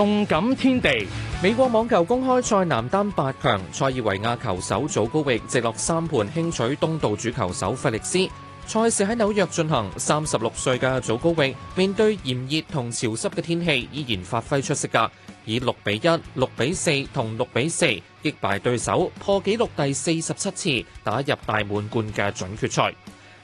動感天地，美國網球公開賽男單八強，塞爾維亞球手祖高域直落三盤輕取東道主球手費歷斯。賽事喺紐約進行，三十六歲嘅祖高域面對炎熱同潮濕嘅天氣，依然發揮出色格，噶以六比一、六比四同六比四擊敗對手，破紀錄第四十七次打入大滿貫嘅準決賽。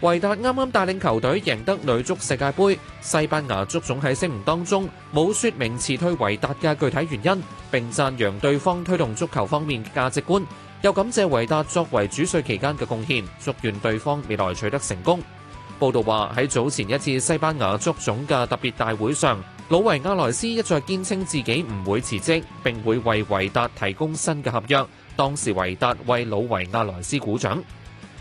維達啱啱帶領球隊贏得女足世界盃，西班牙足總喺聲明當中冇說明辭退維達嘅具體原因，並讚揚對方推動足球方面嘅價值觀，又感謝維達作為主帥期間嘅貢獻，祝願對方未來取得成功。報道話喺早前一次西班牙足總嘅特別大會上，魯維亞萊斯一再堅稱自己唔會辭職，並會為維達提供新嘅合約。當時維達為魯維亞萊斯鼓掌。